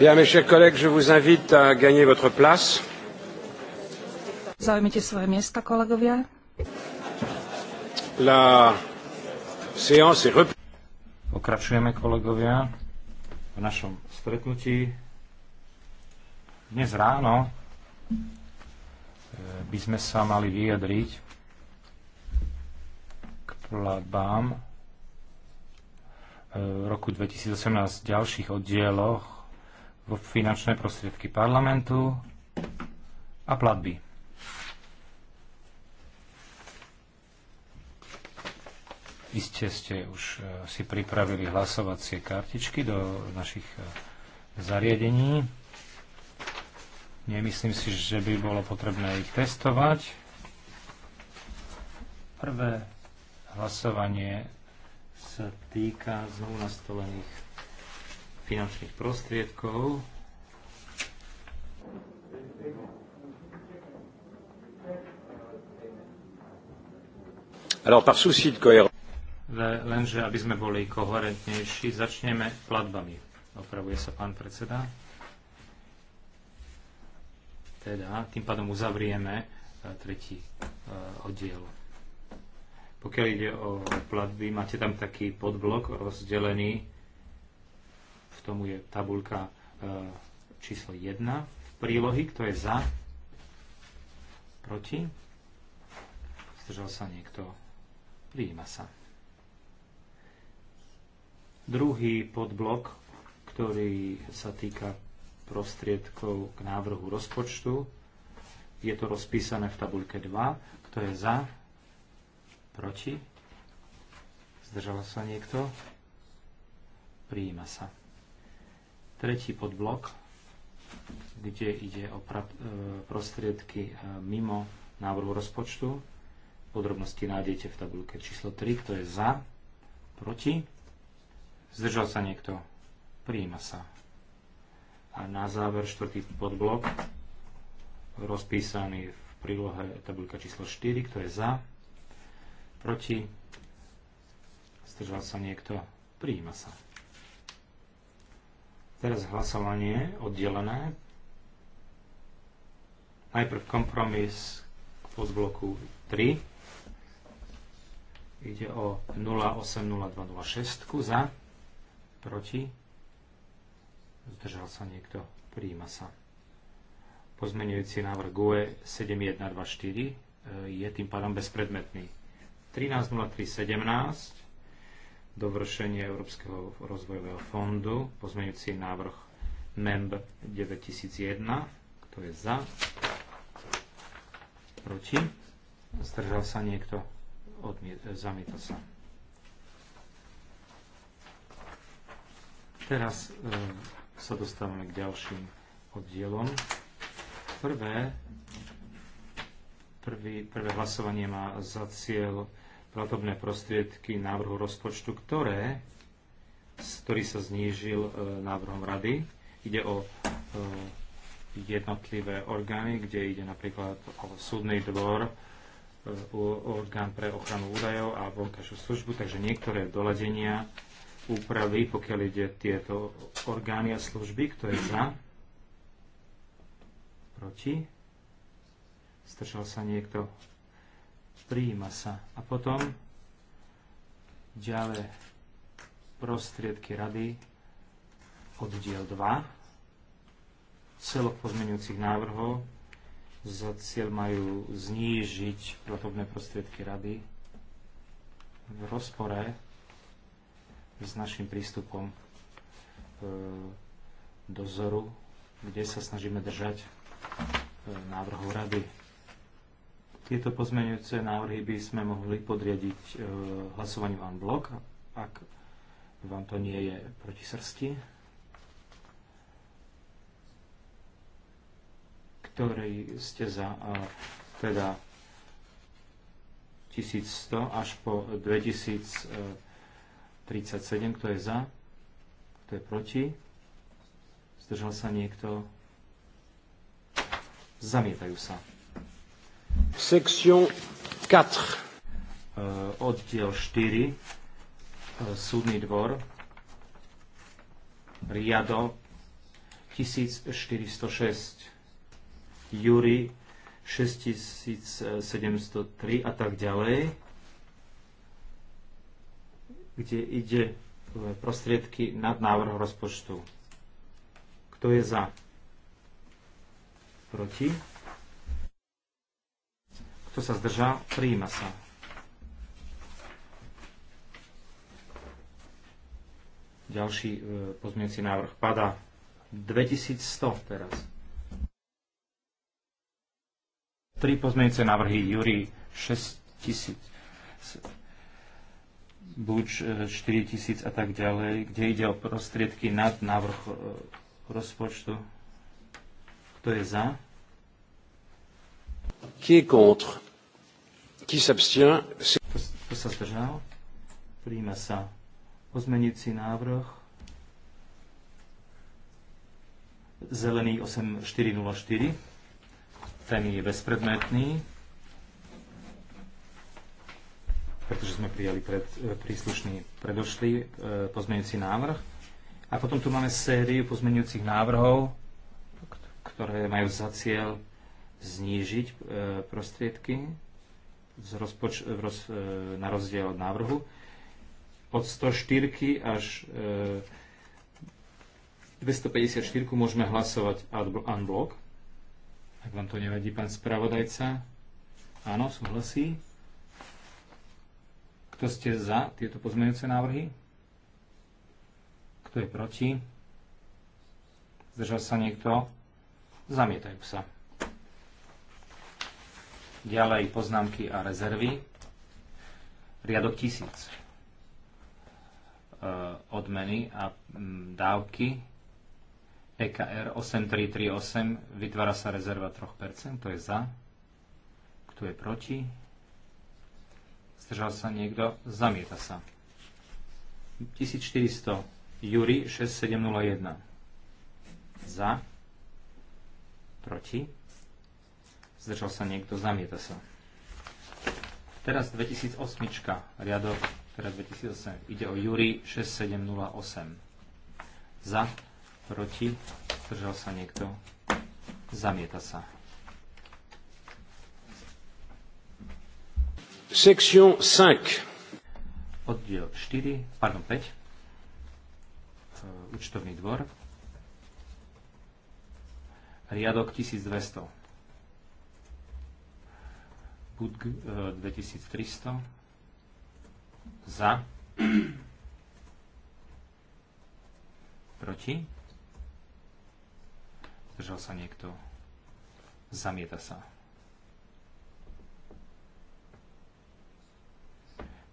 Bien, mes chers collègues, je vous invite à gagner votre place. Zaujmite svoje miesta, kolegovia. La séance est rep... Pokračujeme, kolegovia, v našom stretnutí. Dnes ráno eh, by sme sa mali vyjadriť k platbám eh, v roku 2018 v ďalších oddieloch finančné prostriedky parlamentu a platby. Iste ste už e, si pripravili hlasovacie kartičky do našich e, zariadení. Nemyslím si, že by bolo potrebné ich testovať. Prvé hlasovanie sa týka znovu nastolených finančných prostriedkov Alors, par souci de cohérence. Lenže, aby sme boli koherentnejší, začneme platbami. Opravuje sa pán predseda. Teda, tým pádom uzavrieme e, tretí e, oddiel. Pokiaľ ide o platby, máte tam taký podblok rozdelený k tomu je tabulka e, číslo 1 v prílohy, kto je za, proti, zdržal sa niekto, prijíma sa. Druhý podblok, ktorý sa týka prostriedkov k návrhu rozpočtu, je to rozpísané v tabulke 2. Kto je za? Proti? Zdržal sa niekto? Prijíma sa. Tretí podblok, kde ide o e, prostriedky e, mimo návrhu rozpočtu. Podrobnosti nájdete v tabulke číslo 3, kto je za, proti. Zdržal sa niekto? Prijíma sa. A na záver štvrtý podblok, rozpísaný v prílohe tabulka číslo 4, kto je za, proti. Zdržal sa niekto? Prijíma sa. Teraz hlasovanie oddelené. Najprv kompromis k podbloku 3. Ide o 080206 za, proti, zdržal sa niekto, príjima sa. Pozmenujúci návrh GUE 7124 e, je tým pádom bezpredmetný. 13.03.17 dovršenie Európskeho rozvojového fondu, pozmeňujúci návrh MEMB 9001, kto je za, proti, zdržal sa niekto, zamieta sa. Teraz e, sa dostávame k ďalším oddielom. Prvé, prvý, prvé hlasovanie má za cieľ platobné prostriedky návrhu rozpočtu, ktoré, ktorý sa znížil e, návrhom rady. Ide o e, jednotlivé orgány, kde ide napríklad o súdny dvor, e, orgán pre ochranu údajov a vonkajšiu službu, takže niektoré doladenia, úpravy, pokiaľ ide tieto orgány a služby, kto je za, proti, strčal sa niekto, prijíma sa. A potom ďalej prostriedky rady oddiel 2 celok pozmeňujúcich návrhov za cieľ majú znížiť platobné prostriedky rady v rozpore s našim prístupom e, dozoru, kde sa snažíme držať e, návrhu rady tieto pozmeňujúce návrhy by sme mohli podriadiť e, hlasovaním vám blok, ak vám to nie je proti srsti. Ktorý ste za e, teda 1100 až po 2037, kto je za, kto je proti. Zdržal sa niekto? Zamietajú sa. Section 4. Eh, oddiel 4. Eh, súdny dvor. Riado 1406. Juri 6703 a tak ďalej, kde ide eh, prostriedky nad návrh rozpočtu. Kto je za? Proti? Kto sa zdržal? Prijíma sa. Ďalší e, pozmienci návrh padá 2100 teraz. Tri pozmienice návrhy Júri 6000 buď 4000 a tak ďalej, kde ide o prostriedky nad návrh e, rozpočtu. Kto je za? Qui est contre? Qui s'abstient? Kto sa zdržal? Príjme sa pozmenujúci návrh. Zelený 8404. Ten je bezpredmetný, pretože sme prijali pred, e, príslušný predošlý e, pozmeňujúci návrh. A potom tu máme sériu pozmeňujúcich návrhov, ktoré majú za cieľ znížiť e, prostriedky rozpoč- roz- e, na rozdiel od návrhu od 104 až 254 e, môžeme hlasovať unblock. Ak vám to nevadí, pán spravodajca. Áno, súhlasí. Kto ste za tieto pozmeňujúce návrhy? Kto je proti? Zdržal sa niekto? Zamietajú sa. Ďalej poznámky a rezervy. Riadok tisíc. E, odmeny a dávky. EKR 8338 vytvára sa rezerva 3%, to je za. Kto je proti? Zdržal sa niekto? Zamieta sa. 1400 Juri 6701 za proti zdržal sa niekto, zamieta sa. Teraz 2008, riadok, teraz 2008, ide o Júri 6708. Za, proti, zdržal sa niekto, zamieta sa. Section 5. Oddiel 4, pardon 5. E, účtovný dvor. Riadok 1200. PUTG 2300 e, za proti zdržal sa niekto zamieta sa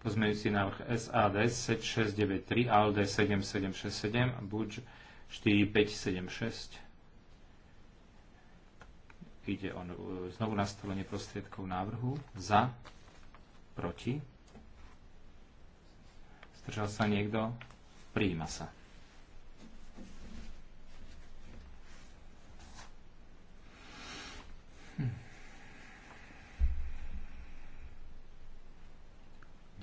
pozmeňujúci návrh SAD 7693 ALD 7767 BUDŽ 4576 Ide o e, znovu nastavenie prostriedkov návrhu. Za, proti. Zdržal sa niekto? Prijíma sa.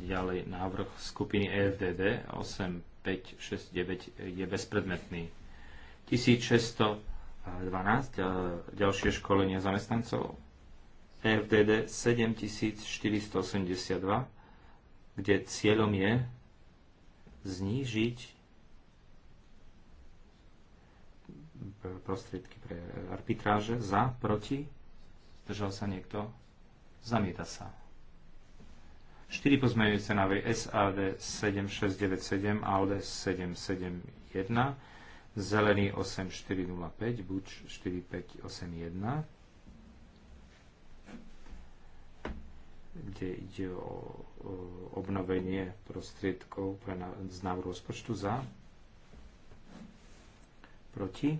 ďalej návrh skupiny EFDD 8569 je bezpredmetný. 1600 12, ďalšie školenie zamestnancov, FDD e 7482, kde cieľom je znížiť prostriedky pre arbitráže za, proti, držal sa niekto, zamieta sa. 4 pozmeňujúce návrhy SAD 7697 a ALD 771 zelený 8405, buď 4581, kde ide o, o obnovenie prostriedkov pre na, rozpočtu za, proti,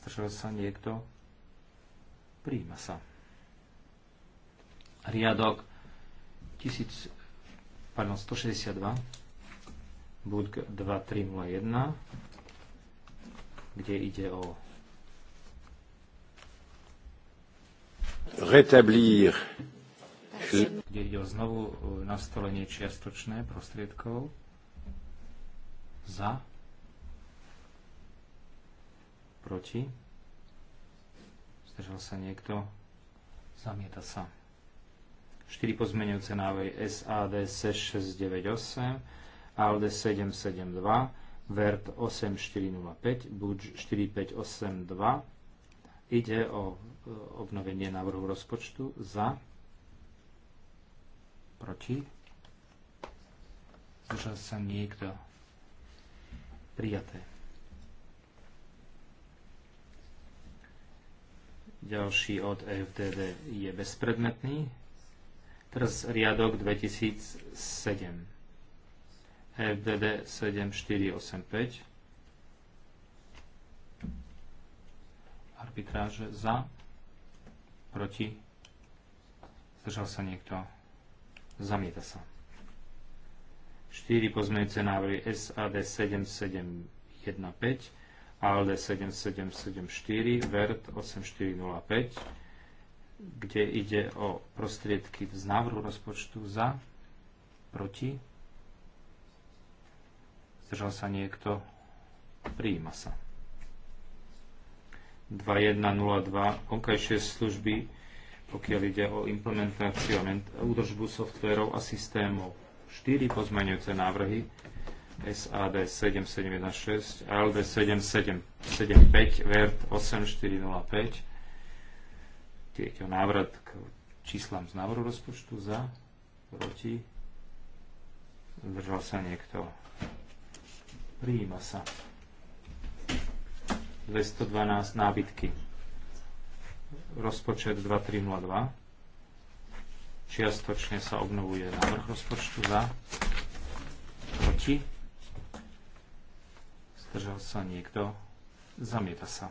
stršuje sa niekto, príjma sa. Riadok 1000, pardon, 162, budk 2301, kde ide o rétablir kde ide o znovu e, nastolenie čiastočné prostriedkov za proti zdržal sa niekto zamieta sa 4 pozmenujúce návrhy SAD 698 ALD 772 VERT 8405, BUDŽ 4582. Ide o e, obnovenie návrhu rozpočtu za, proti, zdržal sa niekto, prijaté. Ďalší od EFTD je bezpredmetný. Teraz riadok 2007. FDD 7485 arbitráže za proti zdržal sa niekto zamieta sa 4 pozmeňujúce návrhy SAD 7715 ALD 7774 VERT 8405 kde ide o prostriedky z návrhu rozpočtu za proti Zdržal sa niekto? Prijíma sa. 2102 vonkajšie služby, pokiaľ ide o implementáciu a údržbu softverov a systémov. 4 pozmeňujúce návrhy SAD 7716, ALD 7775, VERT 8405. Tieto návrat k číslam z návrhu rozpočtu za, proti, zdržal sa niekto Prijíma sa. 212 nábytky. Rozpočet 2302. Čiastočne sa obnovuje návrh rozpočtu za. Proti. Zdržal sa niekto. Zamieta sa.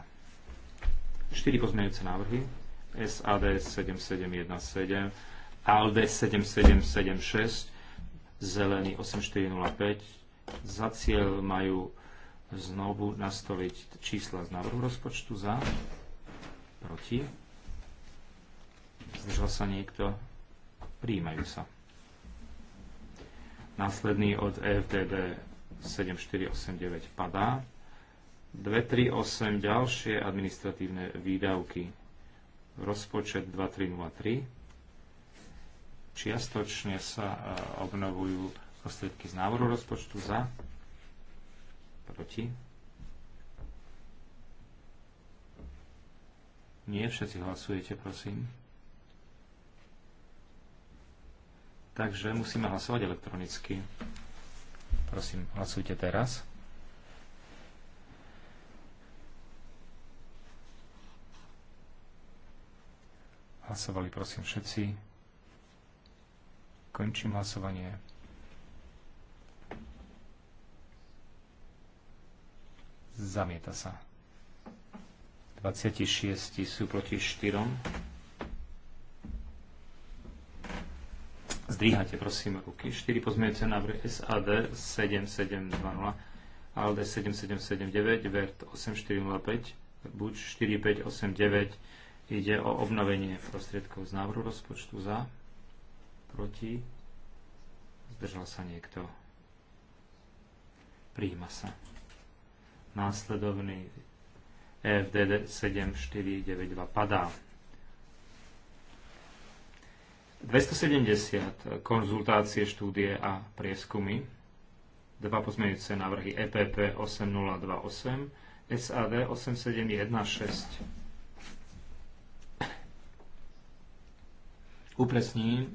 4 pozmeňujúce návrhy. SAD 7717, ALDE 7776, Zelený 8405, za cieľ majú znovu nastoliť čísla z návrhu rozpočtu za, proti. Zdržal sa niekto? Príjmajú sa. Následný od EFDB 7489 padá. 238 ďalšie administratívne výdavky. Rozpočet 2303. Čiastočne sa e, obnovujú prostriedky z návrhu rozpočtu za, proti. Nie všetci hlasujete, prosím. Takže musíme hlasovať elektronicky. Prosím, hlasujte teraz. Hlasovali prosím všetci. Končím hlasovanie. Zamieta sa. 26 sú proti 4. Zdvíhate, prosím, ruky. 4 pozmeňujúce návrhy SAD 7720, ALD 7779, VERT 8405, BUČ 4589. Ide o obnovenie prostriedkov z návrhu rozpočtu za, proti, zdržal sa niekto. Prijíma sa následovný fd 7492 padá. 270 konzultácie, štúdie a prieskumy, dva pozmeňujúce návrhy EPP 8028, SAD 8716. Upresním,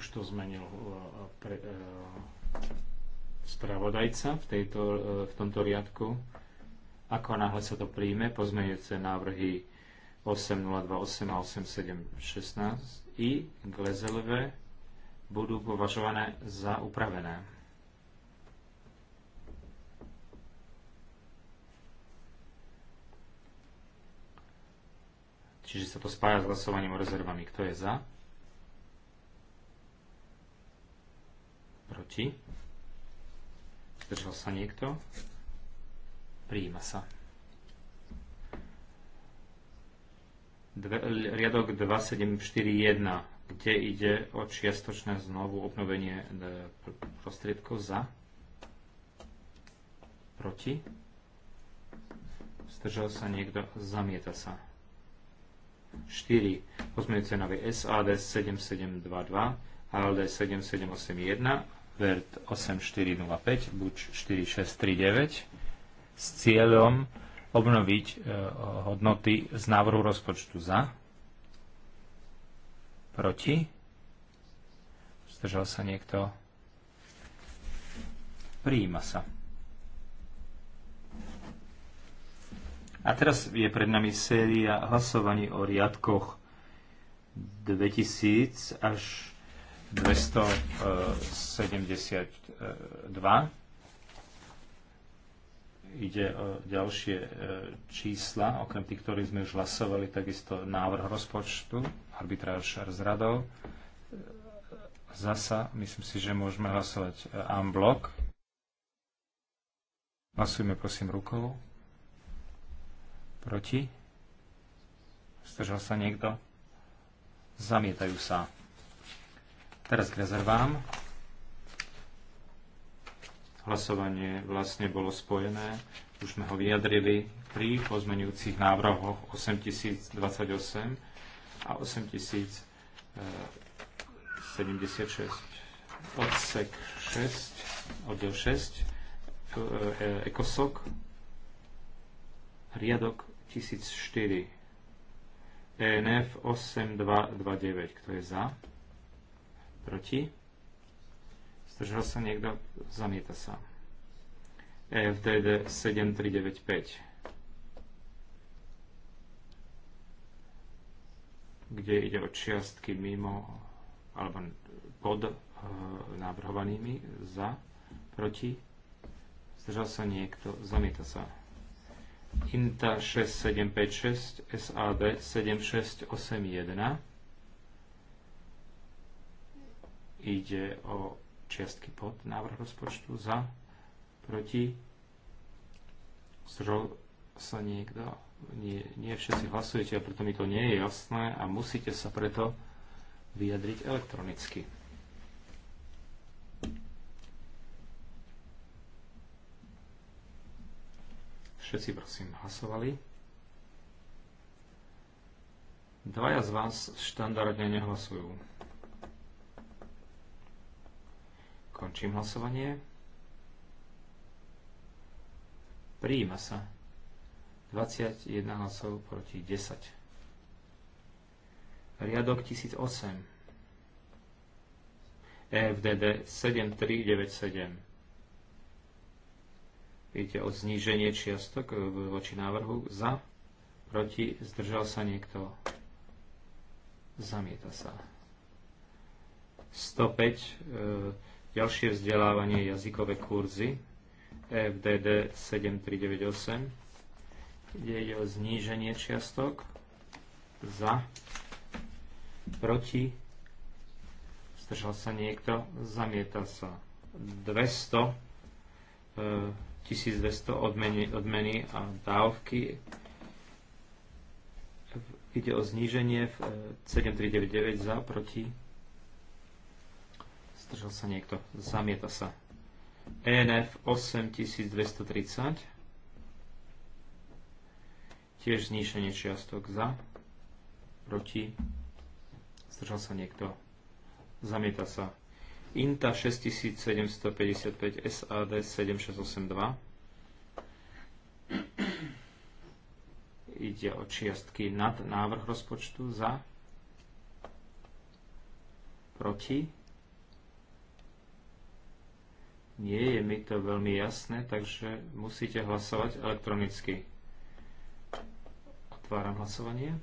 už to zmenil eh, pre, eh, spravodajca v, tejto, eh, v tomto riadku. Ako náhle sa to príjme, pozmeňujúce návrhy 8028 a 8716 i Glezelové budú považované za upravené. Čiže sa to spája s hlasovaním o rezervami. Kto je za? Proti? Zdržal sa niekto? Prijíma sa. Dve, riadok 2741, kde ide o čiastočné znovu obnovenie e, prostriedkov za, proti, zdržal sa niekto, zamieta sa. 4. Pozmeňujúce návrhy SAD 7722, ALD 7781 VERT 8405 buď 4639 s cieľom obnoviť e, hodnoty z návrhu rozpočtu za, proti, zdržal sa niekto, prijíma sa. A teraz je pred nami séria hlasovaní o riadkoch 2000 až 272. Eh, Ide o ďalšie eh, čísla, okrem tých, ktorých sme už hlasovali, takisto návrh rozpočtu, arbitráž s radou. Zasa, myslím si, že môžeme hlasovať eh, en bloc. Hlasujme prosím rukou. Proti? Stržal sa niekto? Zamietajú sa. Teraz k rezervám. Hlasovanie vlastne bolo spojené. Už sme ho vyjadrili pri pozmenujúcich návrhoch 8028 a 8076. Eh, Odsek 6, oddel 6, ECOSOC, eh, eh, riadok 1004, ENF 8229. Kto je za? Proti? Zdržal sa niekto? Zamieta sa. EFDD 7395. Kde ide o čiastky mimo alebo pod e, návrhovanými za, proti, zdržal sa niekto, zamieta sa. INTA 6756 SAD 7681 Ide o čiastky pod návrh rozpočtu za, proti, zrol sa niekto. Nie, nie všetci hlasujete a preto mi to nie je jasné a musíte sa preto vyjadriť elektronicky. Všetci prosím hlasovali. Dvaja z vás štandardne nehlasujú. Končím hlasovanie. Prijíma sa. 21 hlasov proti 10. Riadok 1008. EFDD 7397. Ide o zníženie čiastok voči návrhu za, proti, zdržal sa niekto, zamieta sa. 105 Ďalšie vzdelávanie jazykové kurzy FDD e 7398. Ide o zníženie čiastok za, proti, zdržal sa niekto, zamieta sa 200, 1200 odmeny, odmeny a dávky. Ide o zníženie v 7399 e, za, proti, Zdržal sa niekto. Zamieta sa. ENF 8230. Tiež zníšenie čiastok za. Proti. Zdržal sa niekto. Zamieta sa. INTA 6755 SAD 7682. Ide o čiastky nad návrh rozpočtu za proti nie je mi to veľmi jasné, takže musíte hlasovať elektronicky. Otváram hlasovanie.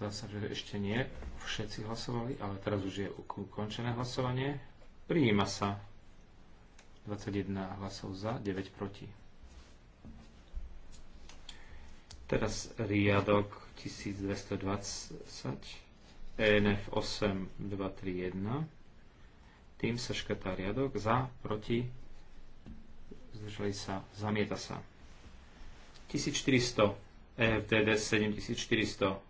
Zdá sa, že ešte nie všetci hlasovali, ale teraz už je ukončené hlasovanie. Prijíma sa 21 hlasov za, 9 proti. Teraz riadok 1220 ENF 8231. Tým sa škrtá riadok za, proti, zdržali sa, zamieta sa. 1400 EFDD 7400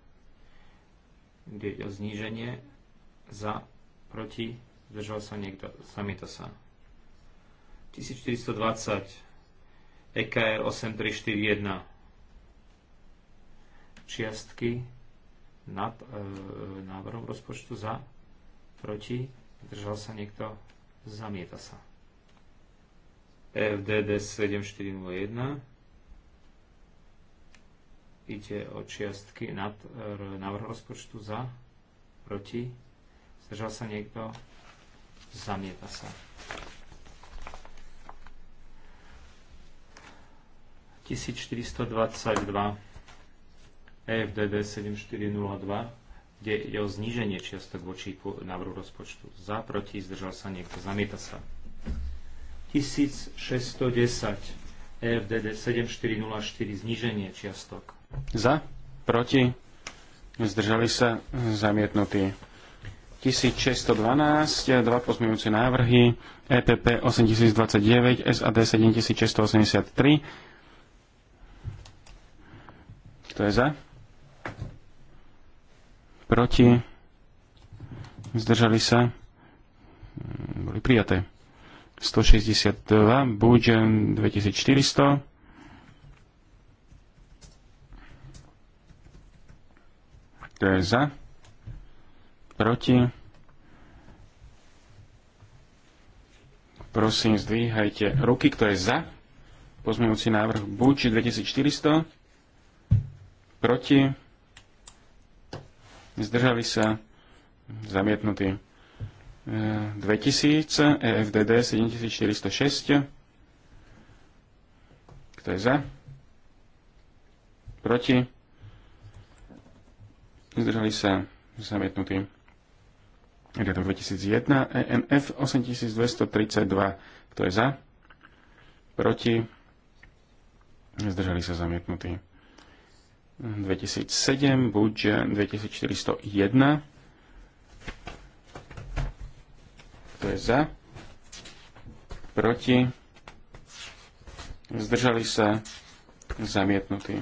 kde o zníženie za, proti, zdržal sa niekto, zamieta sa. 1420 EKR 8341 čiastky nad e, návrhom rozpočtu za, proti, držal sa niekto, zamieta sa. FDD 7401 ide o čiastky nad e, návrh rozpočtu za, proti, zdržal sa niekto, zamieta sa. 1422 EFDD 7402, kde ide o zníženie čiastok voči návrhu rozpočtu. Za, proti, zdržal sa niekto, zamieta sa. 1610 EFDD 7404, zníženie čiastok. Za, proti, zdržali sa, zamietnutí. 1612, dva pozmeňujúce návrhy, EPP 8029, SAD 7683. Kto je za? proti, zdržali sa, boli prijaté. 162, buď 2400, to je za, proti, prosím, zdvíhajte ruky, kto je za, pozmejúci návrh Buči 2400, proti, zdržali sa, zamietnutí 2000, EFDD 7406, kto je za, proti, zdržali sa, zamietnutí. Riadok 2001, ENF 8232, kto je za, proti, zdržali sa, zamietnutý. 2007, buď 2401. To je za. Proti. Zdržali sa zamietnutí.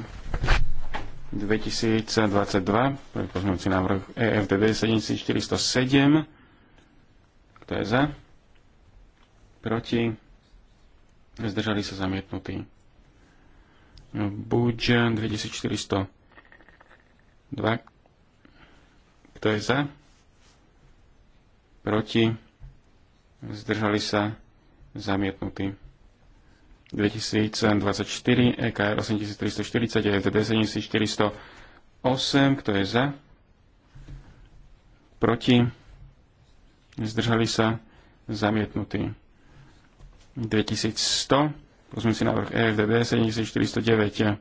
2022, to pozmeňujúci návrh EFDD 7407. Kto je za? Proti? Zdržali sa zamietnutí buď 2402. Kto je za? Proti? Zdržali sa zamietnutí. 2024, EKR 8340, EFD 7408, kto je za? Proti? Zdržali sa zamietnutí. 2100, Pozmím si návrh EFDB 7409.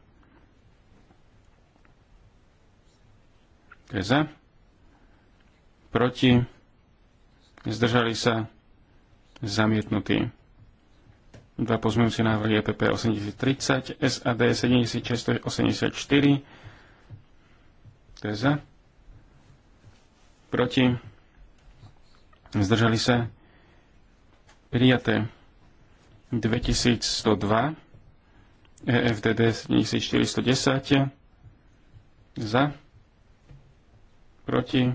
Kto je za? Proti? Zdržali sa? Zamietnutí. Dva si návrhy EPP 8030, SAD 7684. To Proti? Zdržali sa? Prijaté. 2102, EFDD 7410, za, proti,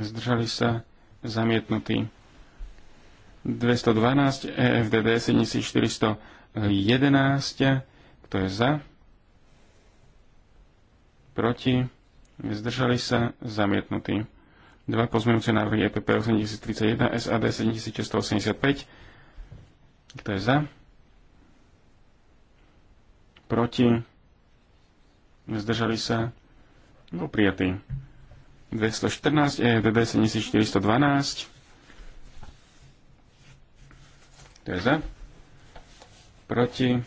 zdržali sa, zamietnutí. 212, EFDD 7411, kto je za, proti, zdržali sa, zamietnutí. Dva pozmeňujúce návrhy EPP 8031, SAD 7685, kto je za? Proti? Zdržali sa? No, prijatý. 214 EDD 7412. Kto je za. Proti.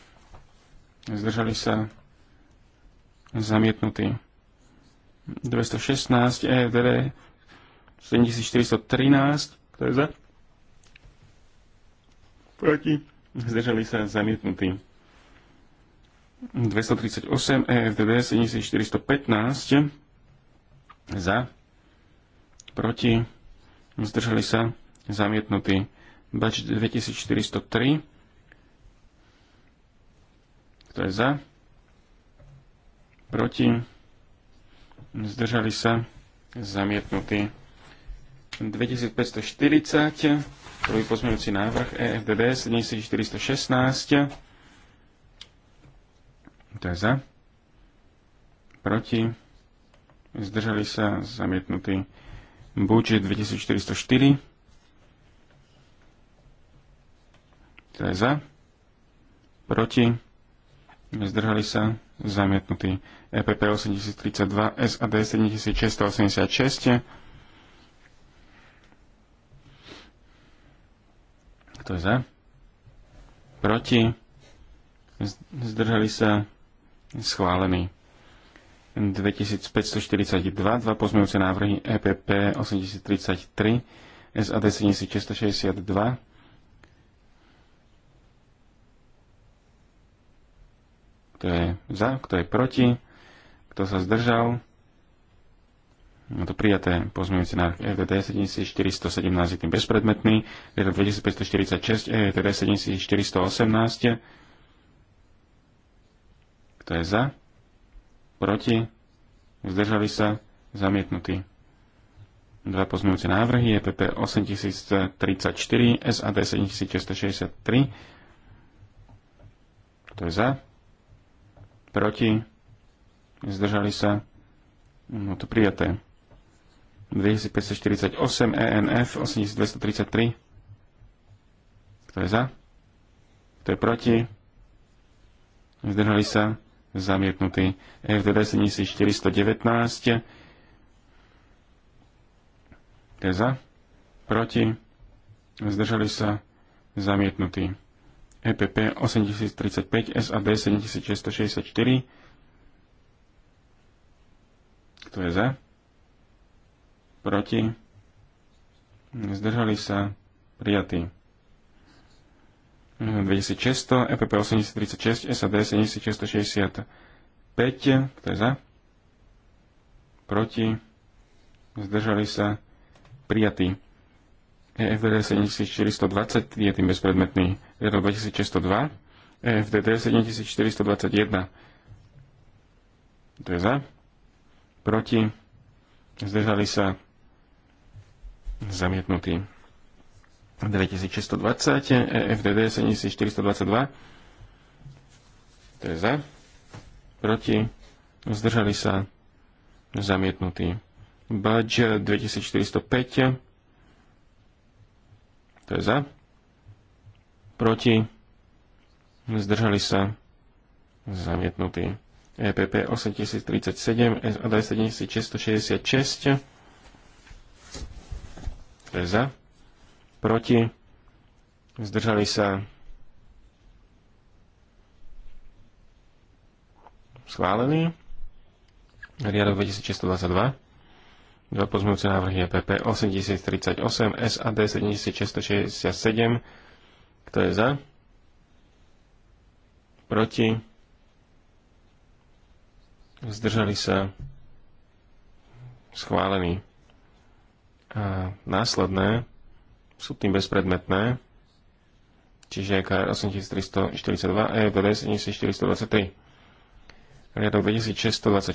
Zdržali sa. Zamietnutý. 216 EDD 7413. To je za proti, zdržali sa zamietnutí. 238 EFDD 7415 za, proti, zdržali sa zamietnutí. Bač 2403 kto je za, proti, zdržali sa zamietnutí. 2540, prvý pozmeňujúci návrh EFDD 7416, to je za, proti, zdržali sa zamietnutý budžet 2404, to je za, proti, zdržali sa zamietnutý EPP 8032 SAD 7686, Kto je za? Proti? Zdržali sa? Schválený. 2542, dva pozmejúce návrhy EPP 8033, SAD 7662, kto je za, kto je proti, kto sa zdržal, No to prijaté pozmeňujúce na EVD 7417 je tým bezpredmetný, je to 2546, EVD 7418, kto je za, proti, zdržali sa, zamietnutý. Dva pozmeňujúce návrhy, EPP 8034, SAD 7663, kto je za, proti, zdržali sa, no to prijaté. 2548 ENF 8233. Kto je za? Kto je proti? Zdržali sa? Zamietnutý. FDD 7419. Kto je za? Proti? Zdržali sa? Zamietnutý. EPP 8035 SAD 7664. Kto je za? proti, zdržali sa, prijatí. 2600, EPP 8036, SAD 7665, kto je za, proti, zdržali sa, prijatí. EFDD 7420 je tým bezpredmetný. Riadok 2602. EFDD 7421. To e je za. Proti. Zdržali sa zamietnutý. 2620, EFDD 7422, to je za, proti, zdržali sa, zamietnutý. Badge 2405, to je za, proti, zdržali sa, zamietnutý. EPP 8037, SAD 7666, kto je za? Proti? Zdržali sa? Schválený. Riadok 2622. Dva pozmujúce návrhy EPP 8038, SAD 7667. Kto je za? Proti? Zdržali sa? Schválený a následné sú tým bezpredmetné, čiže KR 8342 EFDD 7423. Riadok 2624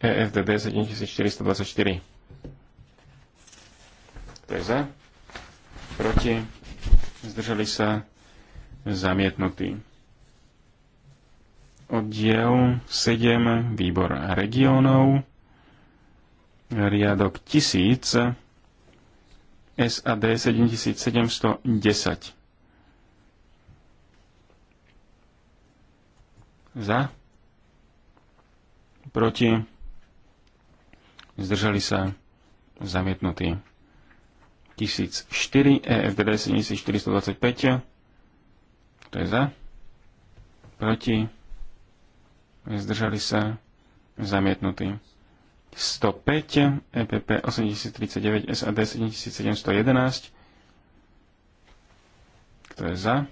EFDD 7424. Kto je za. Proti. Zdržali sa zamietnutí. Oddiel 7 výbor regionov riadok 1000 SAD 7710. Za, proti, zdržali sa zamietnutí. 1004 EFDD 7425. To je za. Proti. Zdržali sa zamietnutí. 105, EPP 8039, SAD 7711. Kto je za?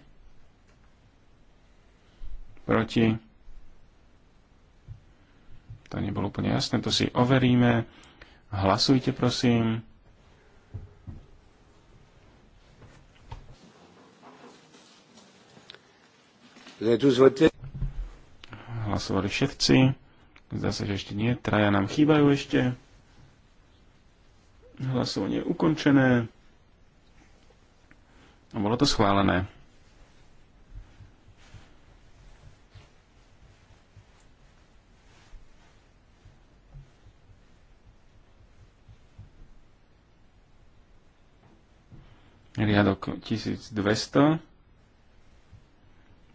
Proti? To nebolo úplne jasné, to si overíme. Hlasujte, prosím. Hlasovali všetci. Zdá sa, že ešte nie. Traja nám chýbajú ešte. Hlasovanie je ukončené. A bolo to schválené. riadok 1200,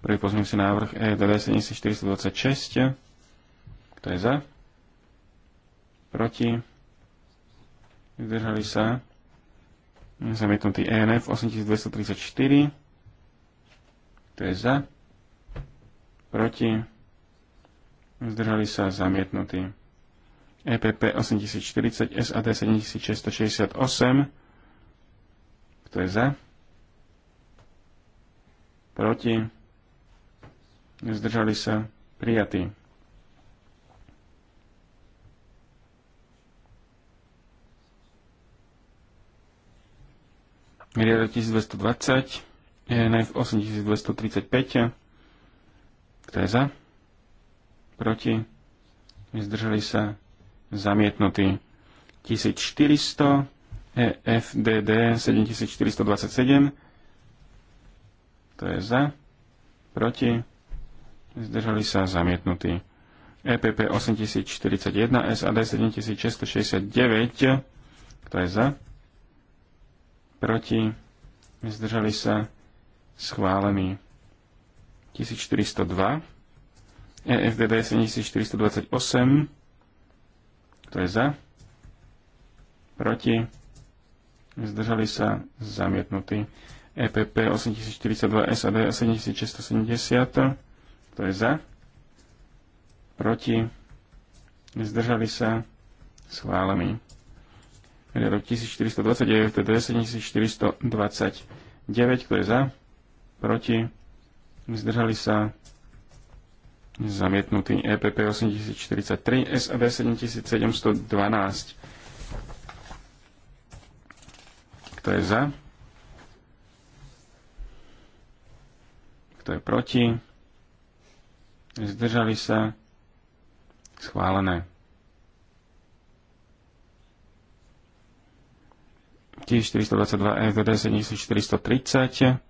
prvý pozmeňujúci návrh e EDD 7426, kto je za? Proti? Zdržali sa. Zamietnutý ENF 8234. Kto je za? Proti? Zdržali sa. Zamietnutý. EPP 8040, SAD 7668. Kto je za? Proti? Zdržali sa. Prijatý. miliarda 1220, ENF 8235, kto je za? Proti? Zdržali sa zamietnutí. 1400, EFDD 7427, to je za, proti, zdržali sa zamietnutí. EPP 8041, SAD 7669, kto je za, proti, zdržali sa schválení 1402, EFDD 7428, to je za, proti, zdržali sa zamietnutí. EPP 8042 SAD 7670, to je za, proti, zdržali sa schválení riadok 1429, to je 7429, kto je za, proti, zdržali sa, zamietnutý EPP 8043, SAD 7712. Kto je za? Kto je proti? Zdržali sa? Schválené. 1422 FDD 7430.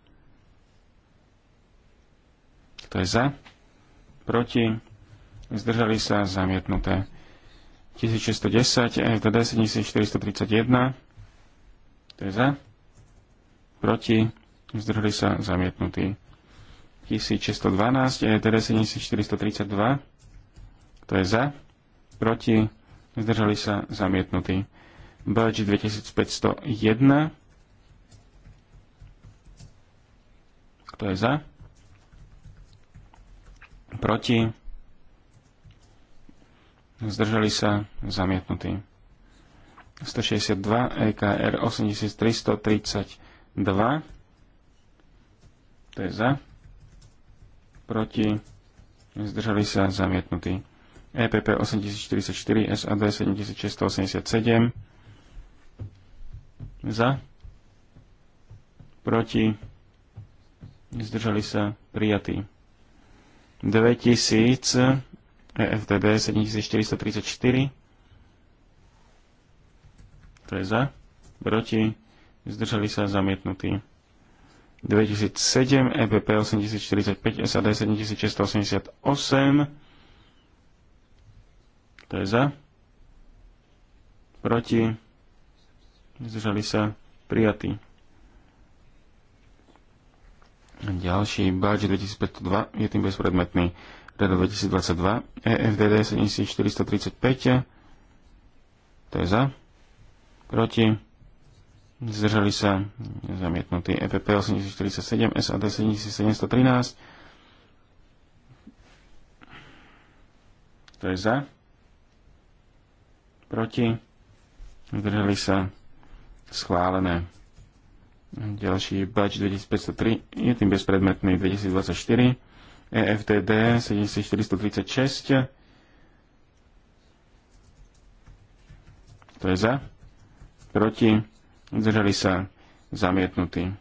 Kto je za? Proti? Zdržali sa zamietnuté. 1610 FDD 7431. Kto je za? Proti? Zdržali sa zamietnutí. 1612 FDD 7432. Kto je za? Proti? Zdržali sa zamietnutí. Badge 2501. Kto je za? Proti? Zdržali sa? Zamietnutí. 162 EKR 8332. To je za. Proti. Zdržali sa zamietnutí. EPP 8044, SAD 7687 za, proti, zdržali sa prijatí. 2000 EFTB 7434 to je za, proti, zdržali sa zamietnutí. 2007 EPP 8045 SAD 7688 to je za, proti, zdržali sa prijatí. Ďalší badge 2502 je tým bezpredmetný. rado 2022 EFDD 7435 to je za, proti, zdržali sa zamietnutý EPP 847, SAD 7713 to je za, proti, zdržali sa schválené. Ďalší batch 2503 je tým bezpredmetný 2024. EFTD 7436. To je za. Proti. Zdržali sa zamietnutí.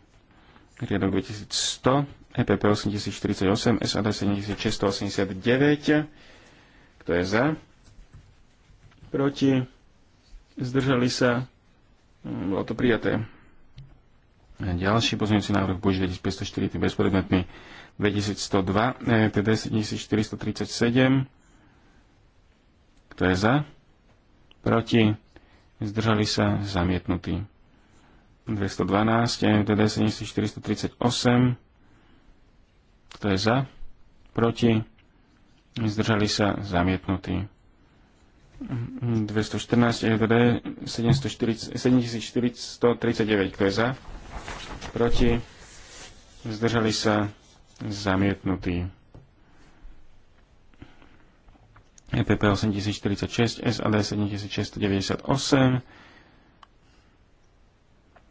Riadok 2100. EPP 8048. SAD 7689. Kto je za? Proti. Zdržali sa Hm, bolo to prijaté. Ďalší pozmeňujúci návrh bude 2504, bezpredmetný 2102, teda 7437. Kto je za? Proti? Zdržali sa? Zamietnutí. 212, teda 7438. Kto je za? Proti? Zdržali sa? Zamietnutí. 214 EVD 7439. Kto je za? Proti? Zdržali sa zamietnutí. EPP 8046, SAD 7698.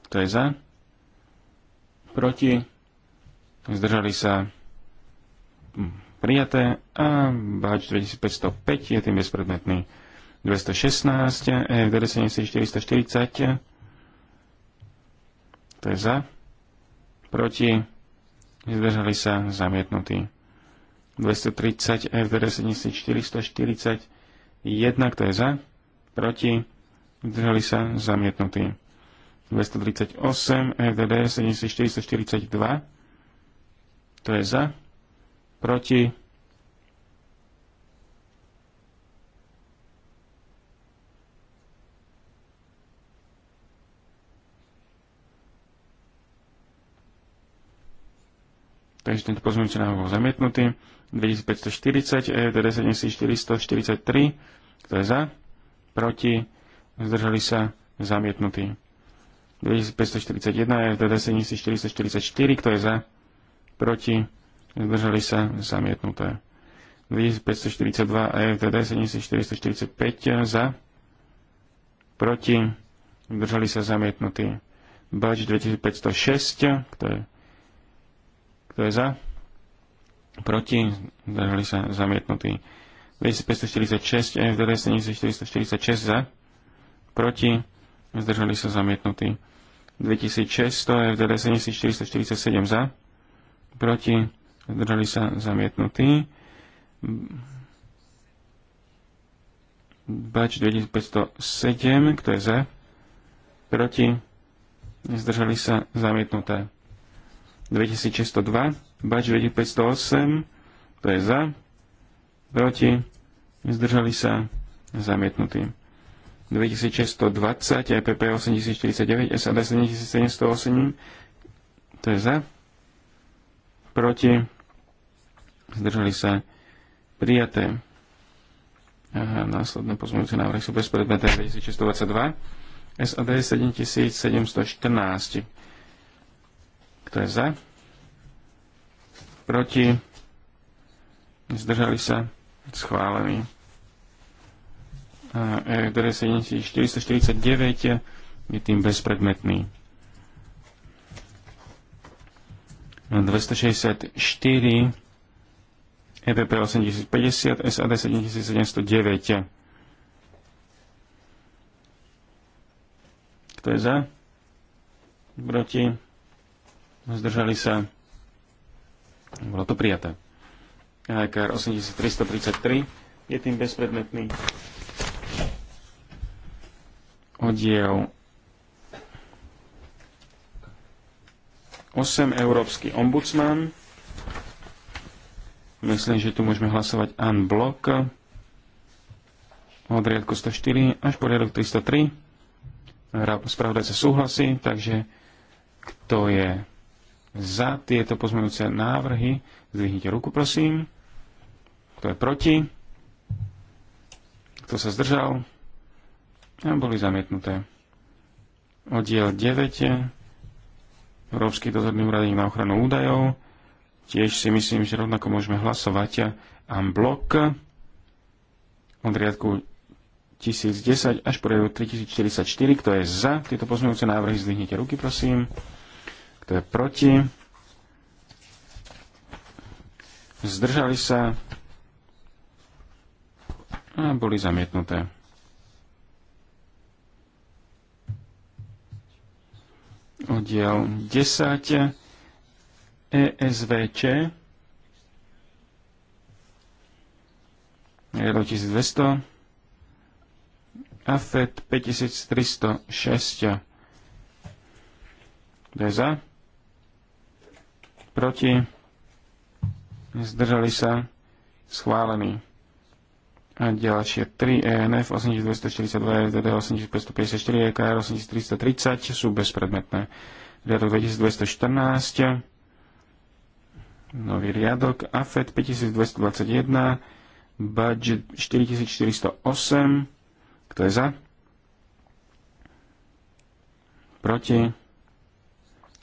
To je za. Proti? Zdržali sa prijaté a Bač 2505 je tým bezpredmetný. 216, EFDD 7440, to je za, proti, zdržali sa, zamietnutí. 230, FDD jednak to je za, proti, zdržali sa, zamietnutí. 238, FDD 7442, to je za, proti, Takže tento pozmeňujúci návrh bol zamietnutý. 2540, EDD 7443, kto je za, proti, zdržali sa, zamietnutý. 2541, EDD 7444, kto je za, proti, zdržali sa, zamietnuté. 2542 a FDD 7445 za, proti, zdržali sa zamietnutí. Bač 2506, kto je kto je za? Proti? Zdržali sa zamietnutí. 2546, FDD 7446 za? Proti? Zdržali sa zamietnutí. 2600, FDD 7447 za? Proti? Zdržali sa zamietnutí. Bač 2507, kto je za? Proti? Zdržali sa zamietnuté. 2602, bač 2508, to je za, proti, zdržali sa, zamietnutý. 2620, EPP 8049, SAD 7708, to je za, proti, zdržali sa, prijaté. Aha, následné pozmeňujúce návrhy sú bezpredmetné 2622, SAD 7714. Kto je za? Proti? Zdržali sa? Schválený. A EDR 449 je tým bezpredmetný. 264 EPP 8050 SAD 7709 Kto je za? Proti? Zdržali sa. Bolo to prijaté. AKR 8333 je tým bezpredmetný oddiel 8 Európsky ombudsman. Myslím, že tu môžeme hlasovať unblock od riadku 104 až po riadok 303. Spravodajca súhlasí, takže kto je za tieto pozmenujúce návrhy, zdvihnite ruku prosím. Kto je proti? Kto sa zdržal? A boli zamietnuté. Oddiel 9. Európsky dozorný úradník na ochranu údajov. Tiež si myslím, že rovnako môžeme hlasovať a blok od riadku 1010 až po riadku 3044. Kto je za tieto pozmenujúce návrhy, zdvihnite ruky prosím. Kto je proti? Zdržali sa a boli zamietnuté. Oddiel 10 ESVČ 1200 AFET 5306 Kto je za? proti, zdržali sa, schválený. A ďalšie 3 ENF 8242, FDD 8554, EKR 8330 sú bezpredmetné. Riadok 2214, nový riadok, AFED 5221, budget 4408, kto je za? Proti?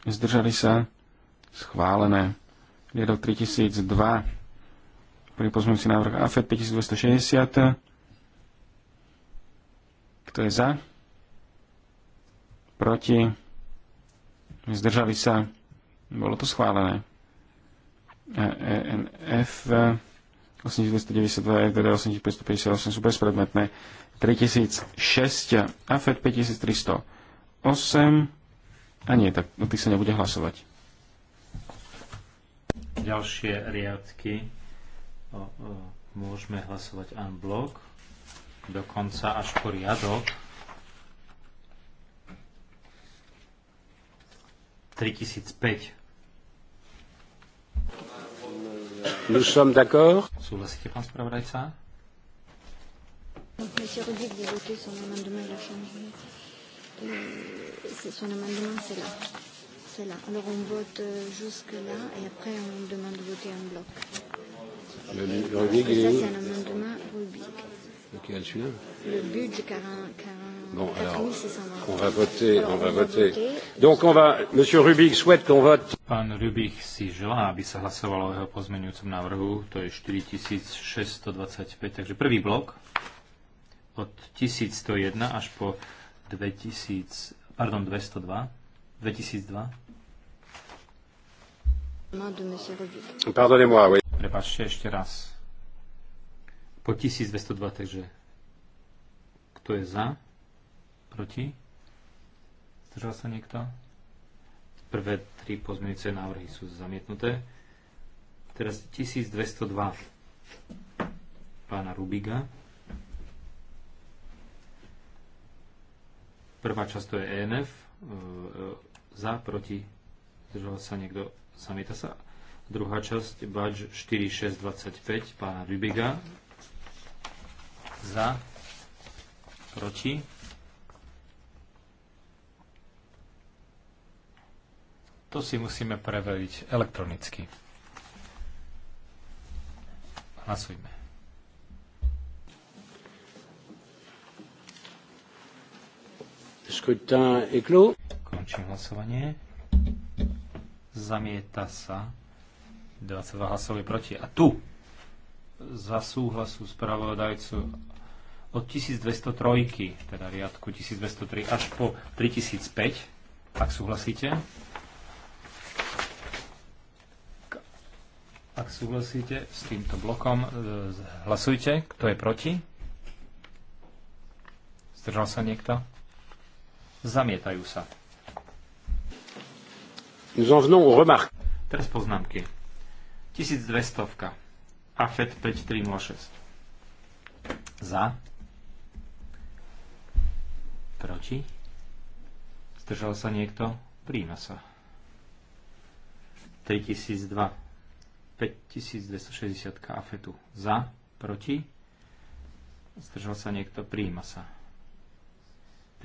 Zdržali sa? schválené. Riadok 3002, ktorý si návrh AFED 5260. Kto je za? Proti? Zdržali sa? Bolo to schválené. ENF 8292, FDD 8558 sú bezpredmetné. 3006, AFED 5308 a nie, tak o tých sa nebude hlasovať ďalšie riadky o, o, môžeme hlasovať blok, dokonca až po riadok 3005. Nous sommes d'accord Súhlasíte, pán spravodajca? Monsieur son amendement, il a changé. Son amendement, c'est là c'est là. Alors on vote euh, jusque-là et après on demande de voter en bloc. Le, le Rubik, Ça, c'est un amendement Rubik. Lequel, celui-là Le budget 40. 40 Bon, alors, on va voter, alors, on va voter. Donc, on va, Monsieur Rubik souhaite qu'on vote. Pan Rubik si želá, aby sa hlasovalo o jeho pozmeňujúcom návrhu, to je 4625, takže prvý blok od 1101 až po 2000, pardon, 202, 2002. Pardonnez-moi, oui. Prepačte ešte raz. Po 1202, takže kto je za? Proti? Zdržal sa niekto? Prvé tri pozmeňujúce návrhy sú zamietnuté. Teraz 1202 pána Rubiga. Prvá časť to je ENF. E, e, za, proti, zdržal sa niekto Samita sa. Druhá časť, Bač 4625 pána Rubiga. Za. Proti. To si musíme preveriť elektronicky. Hlasujme. Končím hlasovanie zamieta sa, 22 hlasov je proti. A tu, za súhlasu spravodajcu od 1203, teda riadku 1203 až po 3005, ak súhlasíte. Ak súhlasíte s týmto blokom, e, hlasujte. Kto je proti? Zdržal sa niekto? Zamietajú sa. Nous en venons aux remarques. Teraz poznámky. 1200. AFET 5306. Za. Proti. Zdržal sa niekto? Príjma sa. 3002. 5260 AFETu. Za. Proti. Zdržal sa niekto? Príjma sa.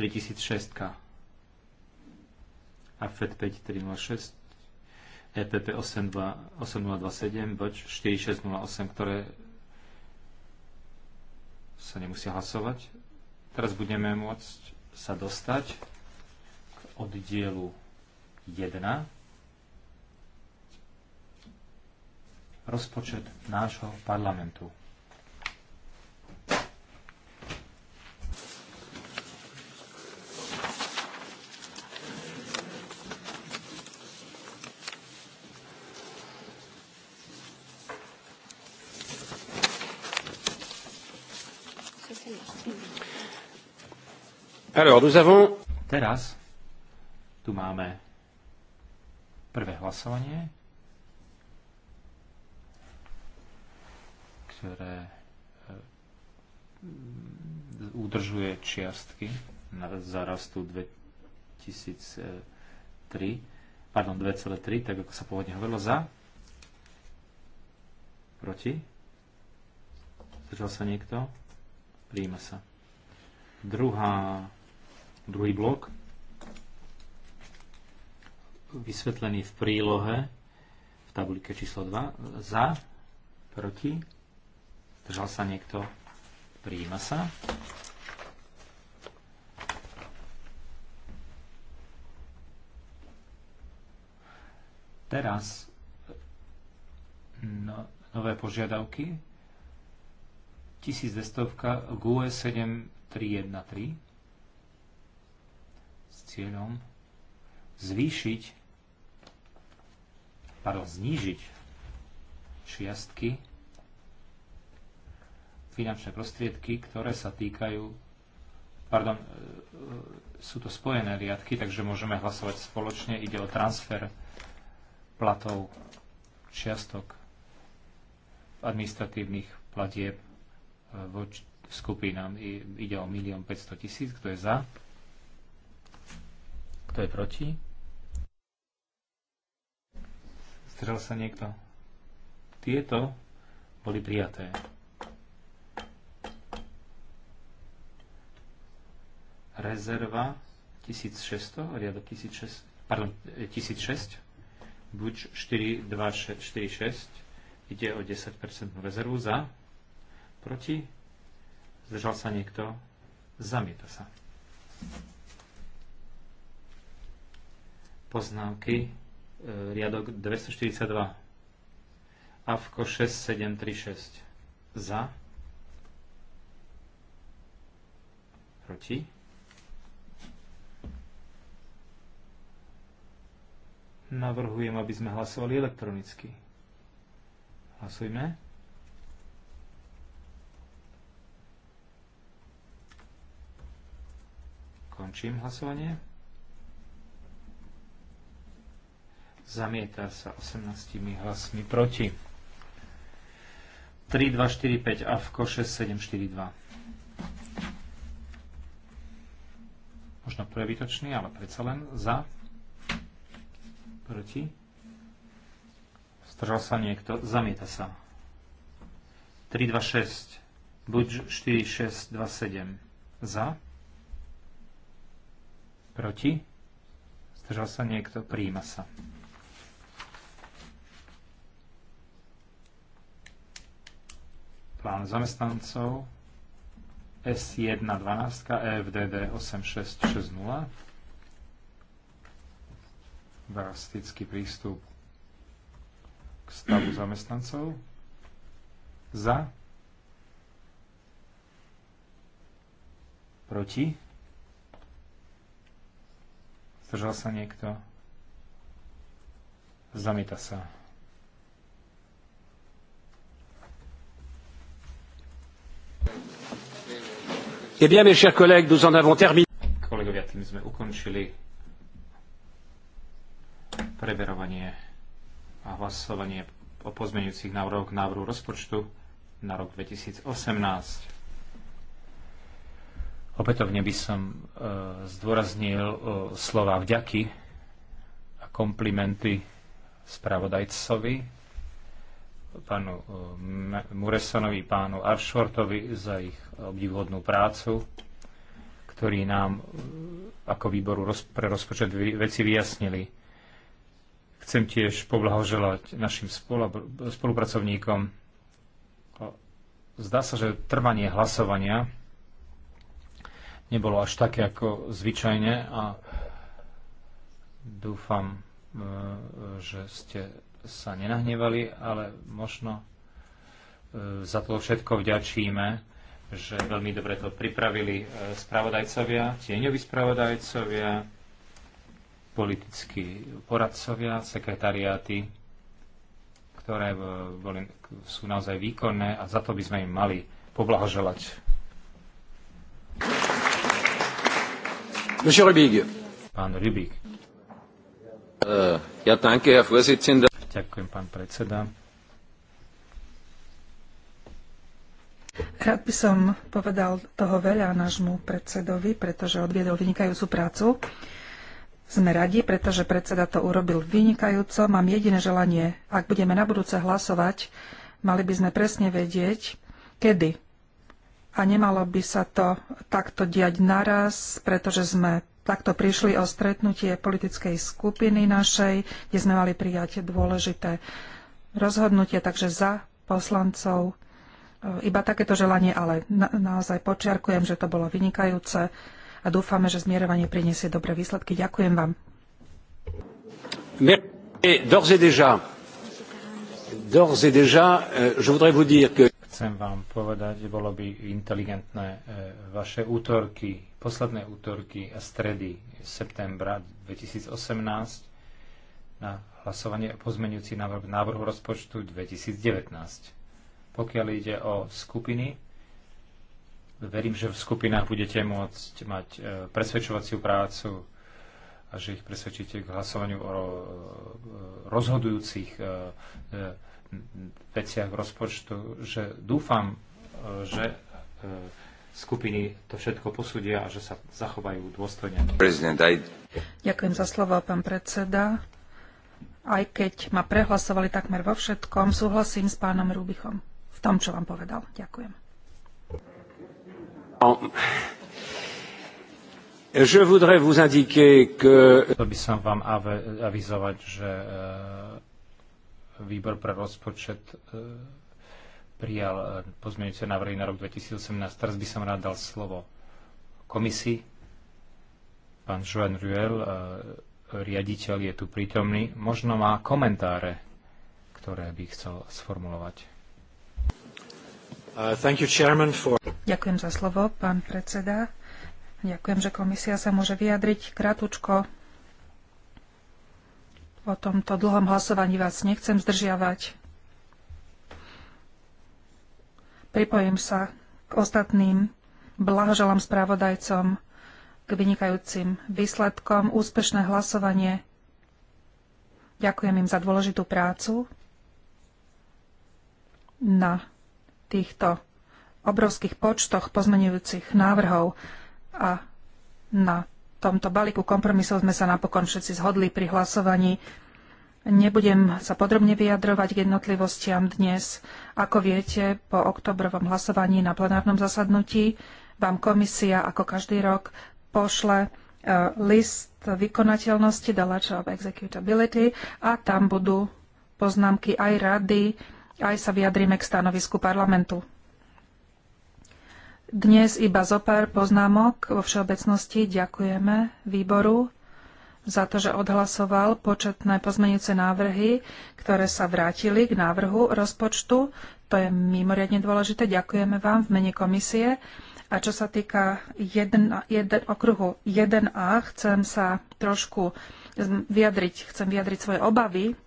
3006. AFED 5306, EPP 8027, BOČ 4608, ktoré sa nemusia hlasovať. Teraz budeme môcť sa dostať k oddielu 1. Rozpočet nášho parlamentu. Alors, nous avons... Teraz tu máme prvé hlasovanie, ktoré e, udržuje čiastky na zarastu 2003, pardon 2,3, tak ako sa pôvodne hovorilo, za, proti, zdržal sa niekto, príjima sa. Druhá Druhý blok, vysvetlený v prílohe v tabulike číslo 2. Za, proti, držal sa niekto, prijíma sa. Teraz no, nové požiadavky 1200 GUE 7313 s cieľom zvýšiť, pardon, znížiť čiastky, finančné prostriedky, ktoré sa týkajú, pardon, e, e, sú to spojené riadky, takže môžeme hlasovať spoločne. Ide o transfer platov čiastok administratívnych platieb e, voči skupinám. Ide o 1 500 000, kto je za. Kto je proti? Zdržal sa niekto? Tieto boli prijaté. Rezerva 1600, riadok 1600, pardon, 1006, e, buď 4246, ide o 10% rezervu za, proti, zdržal sa niekto, zamieta sa poznámky, e, riadok 242, AFKO 6736, za, proti, Navrhujem, aby sme hlasovali elektronicky. Hlasujme. Končím hlasovanie. Zamieta sa 18 hlasmi proti. 3, 2, 4, 5, AFKO 6, 7, 4, 2. Možno prebytočný, ale predsa len za. Proti. Stržal sa niekto. Zamieta sa. 3, 2, 6. Buď 4, 6, 2, 7. Za. Proti. Stržal sa niekto. Príjima sa. plán zamestnancov S112 EFDD 8660 drastický prístup k stavu zamestnancov za proti zdržal sa niekto zamieta sa Eh bien, mes chers collègues, nous en avons terminé. Kolegovia, tým sme ukončili preberovanie a hlasovanie o pozmeňujúcich návrhoch k návrhu rozpočtu na rok 2018. Opätovne by som e, zdôraznil e, slova vďaky a komplimenty spravodajcovi Eh, pánu Muresanovi, pánu Aršvortovi za ich obdivhodnú prácu, ktorí nám eh, ako výboru pre rozpočet veci vyjasnili. Chcem tiež poblahoželať našim spolupracovníkom. Zdá sa, že trvanie hlasovania nebolo až také ako zvyčajne a dúfam, eh, že ste sa nenahnevali, ale možno e, za to všetko vďačíme, že veľmi dobre to pripravili e, spravodajcovia, tieňoví spravodajcovia, politickí poradcovia, sekretariáty, ktoré boli, sú naozaj výkonné a za to by sme im mali poblahoželať. Pán Ja, danke, Herr Vorsitzender. Ďakujem, pán predseda. Rád by som povedal toho veľa nášmu predsedovi, pretože odviedol vynikajúcu prácu. Sme radi, pretože predseda to urobil vynikajúco. Mám jediné želanie, ak budeme na budúce hlasovať, mali by sme presne vedieť, kedy. A nemalo by sa to takto diať naraz, pretože sme takto prišli o stretnutie politickej skupiny našej, kde sme mali prijať dôležité rozhodnutie, takže za poslancov e, iba takéto želanie, ale na, naozaj počiarkujem, že to bolo vynikajúce a dúfame, že zmierovanie priniesie dobré výsledky. Ďakujem vám. D'ores et déjà, d'ores et déjà, euh, je voudrais vous dire que chcem vám povedať, bolo by inteligentné e, vaše útorky, posledné útorky a stredy septembra 2018 na hlasovanie o pozmenujúci návrh návrhu rozpočtu 2019. Pokiaľ ide o skupiny, verím, že v skupinách budete môcť mať e, presvedčovaciu prácu a že ich presvedčíte k hlasovaniu o e, rozhodujúcich veciach rozpočtu, že dúfam, e, že e, skupiny to všetko posúdia a že sa zachovajú dôstojne. Ďakujem za slovo, pán predseda. Aj keď ma prehlasovali takmer vo všetkom, súhlasím s pánom Rubichom v tom, čo vám povedal. Ďakujem. Je voudrais vous indiquer que... To by som vám avizovať, že e, výbor pre rozpočet e, prijal e, pozmeňujúce návrhy na rok 2018. Teraz by som rád dal slovo komisii. Pán Joan Ruel, e, riaditeľ, je tu prítomný. Možno má komentáre, ktoré by chcel sformulovať. Uh, Ďakujem za slovo, pán predseda. Ďakujem, že komisia sa môže vyjadriť krátučko O tomto dlhom hlasovaní vás nechcem zdržiavať. Pripojím sa k ostatným. Blahoželám správodajcom k vynikajúcim výsledkom. Úspešné hlasovanie. Ďakujem im za dôležitú prácu na týchto obrovských počtoch pozmenujúcich návrhov a na tomto balíku kompromisov sme sa napokon všetci zhodli pri hlasovaní. Nebudem sa podrobne vyjadrovať k jednotlivostiam dnes. Ako viete, po oktobrovom hlasovaní na plenárnom zasadnutí vám komisia, ako každý rok, pošle e, list vykonateľnosti, the letter of executability, a tam budú poznámky aj rady, aj sa vyjadríme k stanovisku parlamentu. Dnes iba zo pár poznámok vo všeobecnosti. Ďakujeme výboru za to, že odhlasoval početné pozmenujúce návrhy, ktoré sa vrátili k návrhu rozpočtu. To je mimoriadne dôležité. Ďakujeme vám v mene komisie. A čo sa týka jeden, jeden, okruhu 1A, chcem sa trošku vyjadriť, chcem vyjadriť svoje obavy,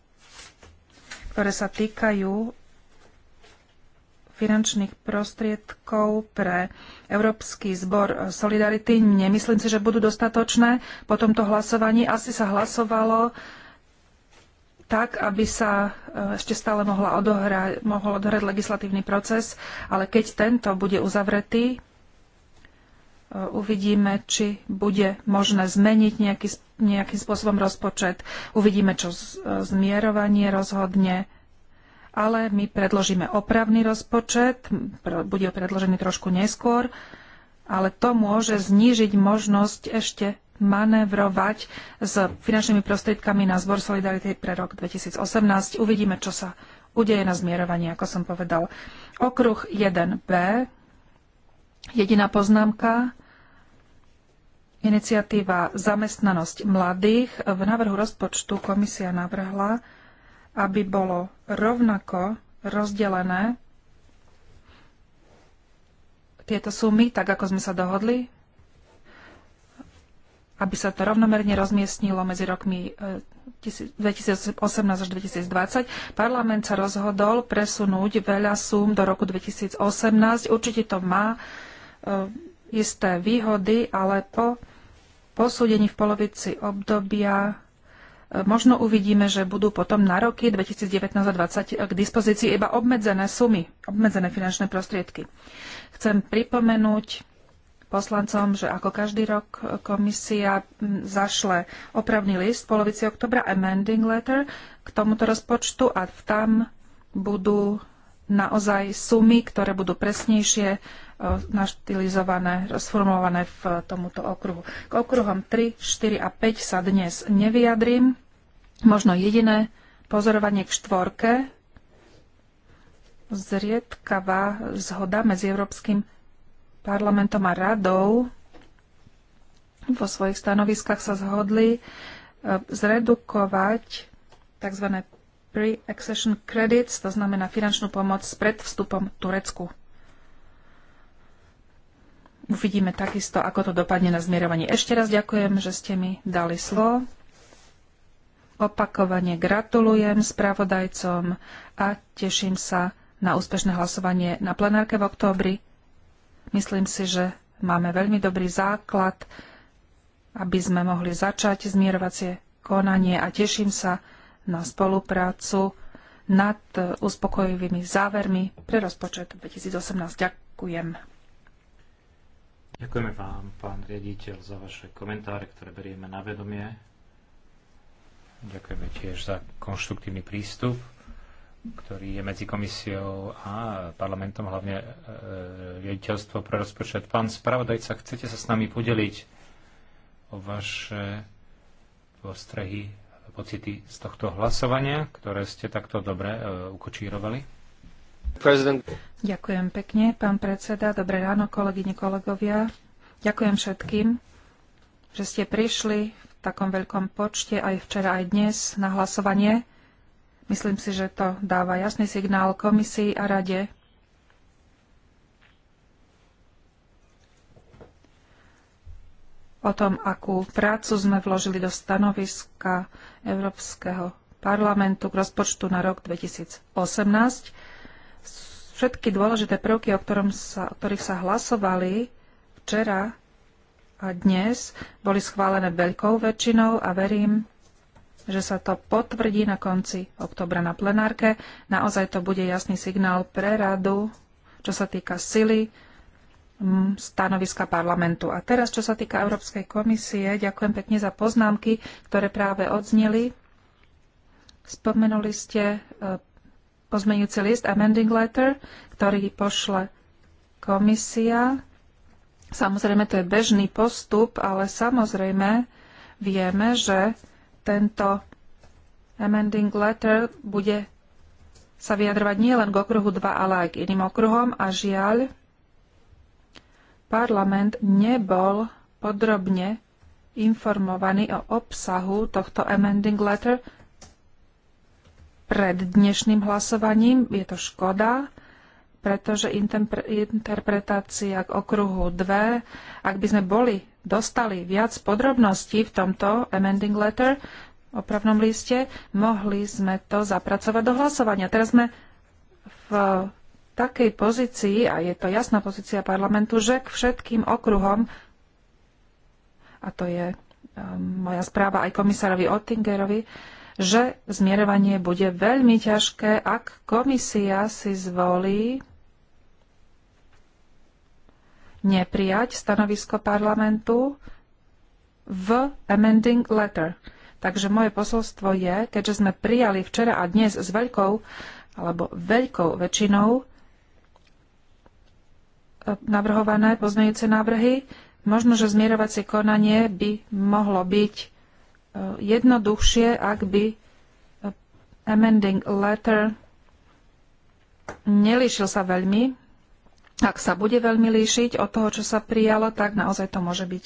ktoré sa týkajú finančných prostriedkov pre Európsky zbor Solidarity. Nemyslím si, že budú dostatočné po tomto hlasovaní. Asi sa hlasovalo tak, aby sa e, ešte stále mohla odohrať, mohol odohrať legislatívny proces, ale keď tento bude uzavretý, e, uvidíme, či bude možné zmeniť nejaký, nejakým spôsobom rozpočet. Uvidíme, čo e, zmierovanie rozhodne ale my predložíme opravný rozpočet, bude predložený trošku neskôr, ale to môže znížiť možnosť ešte manevrovať s finančnými prostriedkami na zbor Solidarity pre rok 2018. Uvidíme, čo sa udeje na zmierovanie, ako som povedal. Okruh 1b, jediná poznámka, iniciatíva Zamestnanosť mladých. V návrhu rozpočtu komisia navrhla aby bolo rovnako rozdelené tieto sumy, tak ako sme sa dohodli, aby sa to rovnomerne rozmiestnilo medzi rokmi 2018 e, až 2020. Parlament sa rozhodol presunúť veľa súm do roku 2018. Určite to má e, isté výhody, ale po posúdení v polovici obdobia možno uvidíme, že budú potom na roky 2019 a 2020 k dispozícii iba obmedzené sumy, obmedzené finančné prostriedky. Chcem pripomenúť poslancom, že ako každý rok komisia zašle opravný list v polovici oktobra, amending letter, k tomuto rozpočtu a tam budú naozaj sumy, ktoré budú presnejšie naštilizované, sformulované v tomuto okruhu. K okruhom 3, 4 a 5 sa dnes nevyjadrím. Možno jediné pozorovanie k štvorke. Zriedkavá zhoda medzi Európskym parlamentom a radou vo svojich stanoviskách sa zhodli e, zredukovať tzv. pre-accession credits, to znamená finančnú pomoc pred vstupom Turecku uvidíme takisto, ako to dopadne na zmierovanie. Ešte raz ďakujem, že ste mi dali slovo. Opakovane gratulujem spravodajcom a teším sa na úspešné hlasovanie na plenárke v októbri. Myslím si, že máme veľmi dobrý základ, aby sme mohli začať zmierovacie konanie a teším sa na spoluprácu nad uspokojivými závermi pre rozpočet 2018. Ďakujem. Ďakujeme vám, pán riaditeľ, za vaše komentáre, ktoré berieme na vedomie. Ďakujeme tiež za konštruktívny prístup, ktorý je medzi komisiou a parlamentom, hlavne e, riaditeľstvo pre rozpočet. Pán spravodajca, chcete sa s nami podeliť o vaše postrehy, pocity z tohto hlasovania, ktoré ste takto dobre e, ukočírovali? Ďakujem pekne, pán predseda. Dobré ráno, kolegyne, kolegovia. Ďakujem všetkým, že ste prišli v takom veľkom počte aj včera, aj dnes na hlasovanie. Myslím si, že to dáva jasný signál komisii a rade. O tom, akú prácu sme vložili do stanoviska Európskeho parlamentu k rozpočtu na rok 2018 Všetky dôležité prvky, o, sa, o ktorých sa hlasovali včera a dnes, boli schválené veľkou väčšinou a verím, že sa to potvrdí na konci oktobra na plenárke. Naozaj to bude jasný signál pre radu, čo sa týka sily stanoviska parlamentu. A teraz, čo sa týka Európskej komisie, ďakujem pekne za poznámky, ktoré práve odzneli. Spomenuli ste e, pozmenujúci list amending letter, ktorý pošle komisia. Samozrejme, to je bežný postup, ale samozrejme vieme, že tento amending letter bude sa vyjadrovať nie len k okruhu 2, ale aj k iným okruhom a žiaľ, parlament nebol podrobne informovaný o obsahu tohto amending letter, pred dnešným hlasovaním. Je to škoda, pretože interpretácia k okruhu 2, ak by sme boli dostali viac podrobností v tomto amending letter, opravnom liste, mohli sme to zapracovať do hlasovania. Teraz sme v takej pozícii, a je to jasná pozícia parlamentu, že k všetkým okruhom, a to je um, moja správa aj komisárovi Ottingerovi, že zmierovanie bude veľmi ťažké, ak komisia si zvolí neprijať stanovisko parlamentu v amending letter. Takže moje posolstvo je, keďže sme prijali včera a dnes s veľkou alebo veľkou väčšinou e, navrhované pozmeňujúce návrhy, možno, že zmierovacie konanie by mohlo byť jednoduchšie, ak by amending letter nelíšil sa veľmi. Ak sa bude veľmi líšiť od toho, čo sa prijalo, tak naozaj to môže byť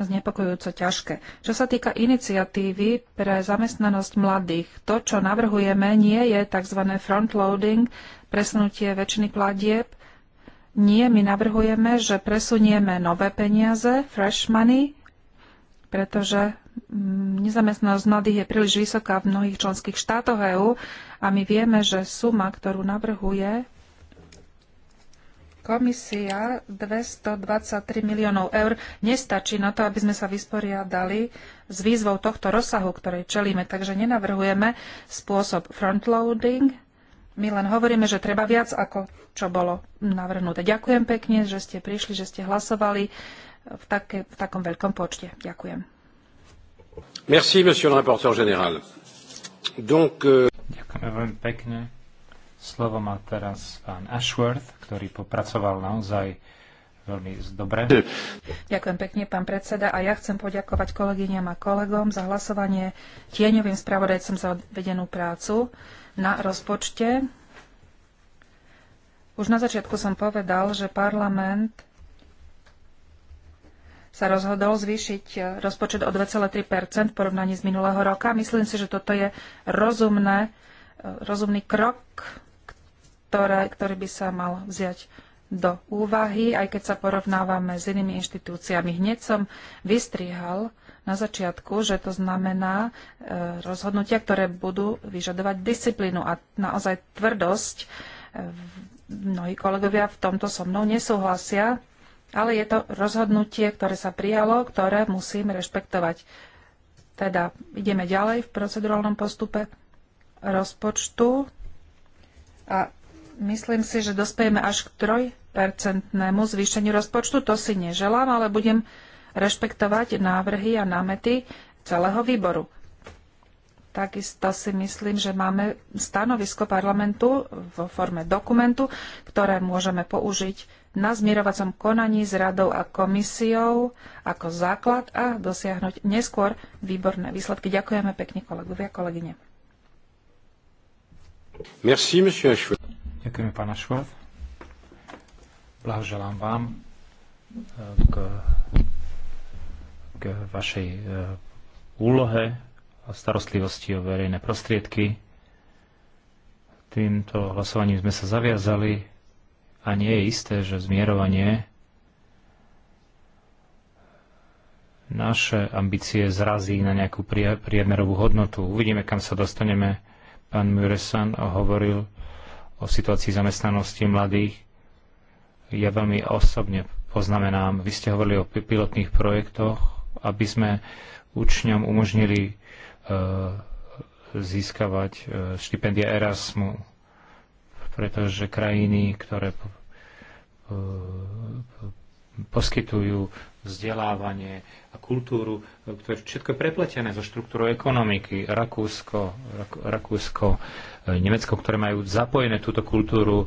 znepokojujúco ťažké. Čo sa týka iniciatívy pre zamestnanosť mladých, to, čo navrhujeme, nie je tzv. frontloading, presunutie väčšiny platieb. Nie, my navrhujeme, že presunieme nové peniaze, fresh money, pretože Mm, nezamestnanosť mladých je príliš vysoká v mnohých členských štátoch EÚ a my vieme, že suma, ktorú navrhuje komisia 223 miliónov eur nestačí na to, aby sme sa vysporiadali s výzvou tohto rozsahu, ktorej čelíme. Takže nenavrhujeme spôsob frontloading. My len hovoríme, že treba viac, ako čo bolo navrhnuté. Ďakujem pekne, že ste prišli, že ste hlasovali v, take, v takom veľkom počte. Ďakujem. Merci, monsieur le rapporteur général. Donc, euh, Ďakujeme veľmi pekne. Slovo má teraz pán Ashworth, ktorý popracoval naozaj veľmi dobre. Ďakujem pekne, pán predseda, a ja chcem poďakovať kolegyňam a kolegom za hlasovanie tieňovým spravodajcom za odvedenú prácu na rozpočte. Už na začiatku som povedal, že parlament sa rozhodol zvýšiť e, rozpočet o 2,3 v porovnaní z minulého roka. Myslím si, že toto je rozumné, e, rozumný krok, ktoré, ktorý by sa mal vziať do úvahy, aj keď sa porovnávame s inými inštitúciami. Hneď som vystrihal na začiatku, že to znamená e, rozhodnutia, ktoré budú vyžadovať disciplínu a naozaj tvrdosť. Mnohí kolegovia v tomto so mnou nesúhlasia ale je to rozhodnutie, ktoré sa prijalo, ktoré musím rešpektovať. Teda ideme ďalej v procedurálnom postupe rozpočtu a myslím si, že dospejeme až k trojpercentnému zvýšeniu rozpočtu. To si neželám, ale budem rešpektovať návrhy a námety celého výboru. Takisto si myslím, že máme stanovisko parlamentu vo forme dokumentu, ktoré môžeme použiť na zmierovacom konaní s radou a komisiou ako základ a dosiahnuť neskôr výborné výsledky. Ďakujeme pekne kolegovia a kolegyne. Merci, Ďakujeme, pána Šváb. Blahoželám vám e, k, k vašej e, úlohe a starostlivosti o verejné prostriedky. Týmto hlasovaním sme sa zaviazali a nie je isté, že zmierovanie naše ambície zrazí na nejakú priemerovú hodnotu. Uvidíme, kam sa dostaneme. Pán Muresan hovoril o situácii zamestnanosti mladých. Ja veľmi osobne poznamenám, vy ste hovorili o pilotných projektoch, aby sme učňom umožnili e, získavať e, štipendia Erasmu pretože krajiny, ktoré poskytujú vzdelávanie a kultúru, ktoré všetko je prepletené so štruktúrou ekonomiky. Rakúsko, Rakúsko, e, Nemecko, ktoré majú zapojené túto kultúru e,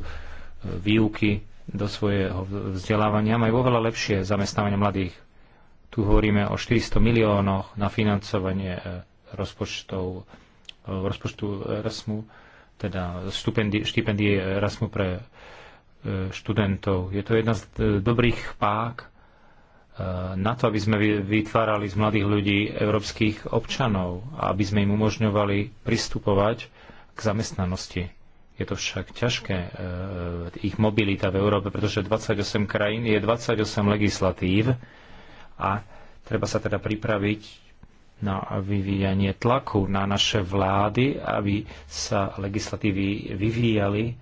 výuky do svojho vzdelávania, majú oveľa lepšie zamestnávanie mladých. Tu hovoríme o 400 miliónoch na financovanie e, rozpočtov, rozpočtu Erasmu teda štipendie, štipendie Erasmu pre e, študentov. Je to jedna z e, dobrých pák e, na to, aby sme vytvárali z mladých ľudí európskych občanov a aby sme im umožňovali pristupovať k zamestnanosti. Je to však ťažké, ich mobilita v Európe, pretože 28 krajín je 28 legislatív a treba sa teda pripraviť na vyvíjanie tlaku na naše vlády, aby sa legislatívy vyvíjali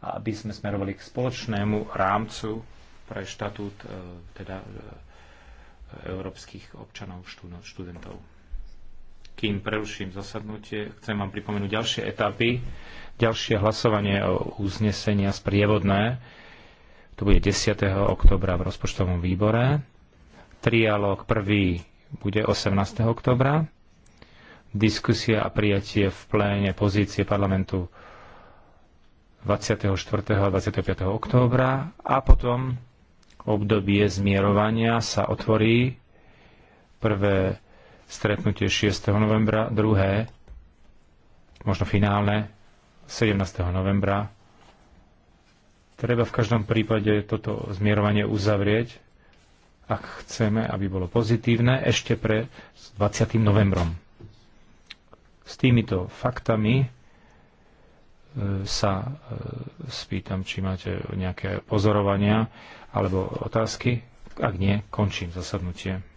a aby sme smerovali k spoločnému rámcu pre štatút e, teda e, európskych občanov, študentov. Kým preruším zasadnutie, chcem vám pripomenúť ďalšie etapy, ďalšie hlasovanie o uznesenia sprievodné. To bude 10. oktobra v rozpočtovom výbore. Trialóg prvý bude 18. oktobra. Diskusia a prijatie v pléne pozície parlamentu 24. a 25. októbra a potom obdobie zmierovania sa otvorí prvé stretnutie 6. novembra, druhé, možno finálne, 17. novembra. Treba v každom prípade toto zmierovanie uzavrieť ak chceme, aby bolo pozitívne, ešte pre 20. novembrom. S týmito faktami e, sa e, spýtam, či máte nejaké pozorovania alebo otázky. Ak nie, končím zasadnutie.